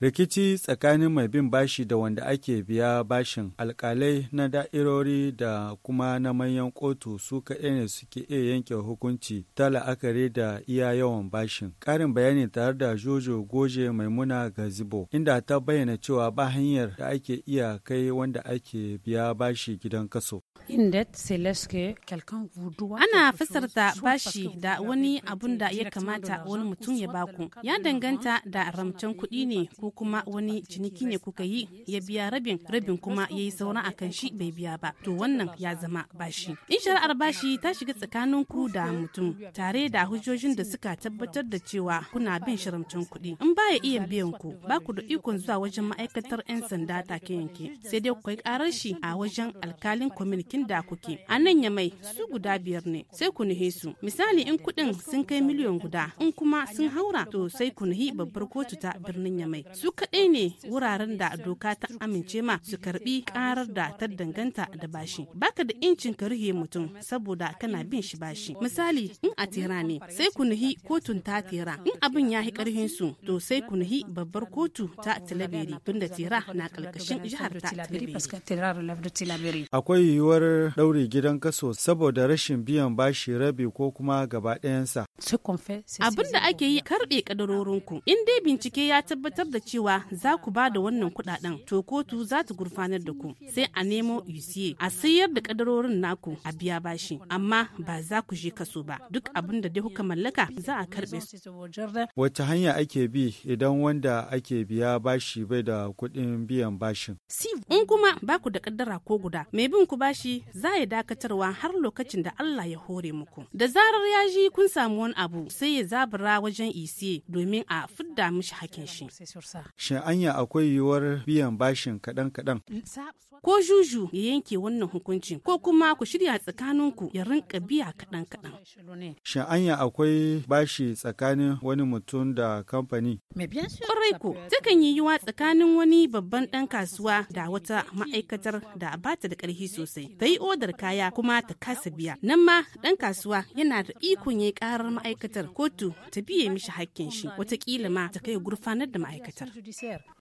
Rikici tsakanin mai bin bashi da wanda ake biya bashin alkalai na da'irori da kuma na manyan kotu su kaɗai ne suke iya yanke hukunci ta la'akari da iya yawan bashin. Ƙarin bayani tare da Jojo Goje Maimuna ga zibo inda ta bayyana cewa ba hanyar da ake iya kai wanda ake biya bashi gidan kaso. Ana fasarta bashi da wani abun da ya kamata wani mutum ya baku, ya danganta da ramcen kuɗi ne ko kuma wani ciniki ne kuka yi ya biya rabin rabin kuma ya yi sauran kan shi bai biya ba to wannan ya zama bashi in shari'ar bashi ta shiga tsakanin ku da mutum tare da hujjojin da suka tabbatar da cewa kuna bin shiramcin kuɗi in baya iya biyan ku ba ku da ikon zuwa wajen ma'aikatar 'yan sanda take yanke sai dai ku yi karar shi a wajen alkalin kwamilkin da kuke a nan ya mai su guda biyar ne sai ku nuhe su misali in kuɗin sun kai miliyan guda in kuma sun haura to sai ku nuhi babbar kotu ta birnin ya mai su kaɗai ne wuraren da doka ta amince ma su karbi karar da ta danganta da bashi baka da incin ka rufe mutum saboda kana bin shi bashi misali in a tera ne sai ku nahi kotun ta tera in abin ya yi karfin su to sai ku nahi babbar kotu ta tilaberi tunda tera na kalkashin jihar ta tilaberi akwai yiwuwar ɗaure gidan kaso saboda rashin biyan bashi rabi ko kuma gaba ɗayansa abin da ake yi karɓe kadarorinku in dai bincike ya tabbatar da cewa za ku ba da wannan kudaden to kotu za ta gurfanar da ku sai a nemo usa a sayar da kadarorin naku a biya bashi amma ba za ku je kaso ba duk abin da dai kuka mallaka za a karbe su. Wace hanya ake bi idan wanda ake biya bashi bai da kuɗin biyan bashin? In kuma ba ku da kaddara ko guda mai bin ku bashi za ya dakatarwa har lokacin da Allah ya hore muku. Da zarar ya ji kun samu wani abu sai ya zabura wajen isiye domin a fidda mishi hakin shi. ƙasa. Shin anya akwai yiwuwar biyan bashin kaɗan-kaɗan? ko juju ya yanke wannan hukuncin ko kuma ku shirya tsakaninku ya rinka biya kaɗan kaɗan. Shin anya akwai bashi tsakanin wani mutum da kamfani? Kwarai ko takan yi yiwa tsakanin wani babban ɗan kasuwa da wata ma'aikatar da ba ta da ƙarfi sosai ta yi odar kaya kuma ta kasa biya nan ma ɗan kasuwa yana da ikon ya ƙarar ma'aikatar kotu ta biye mishi hakkin shi wataƙila ma ta kai gurfanar da ma'aikatar.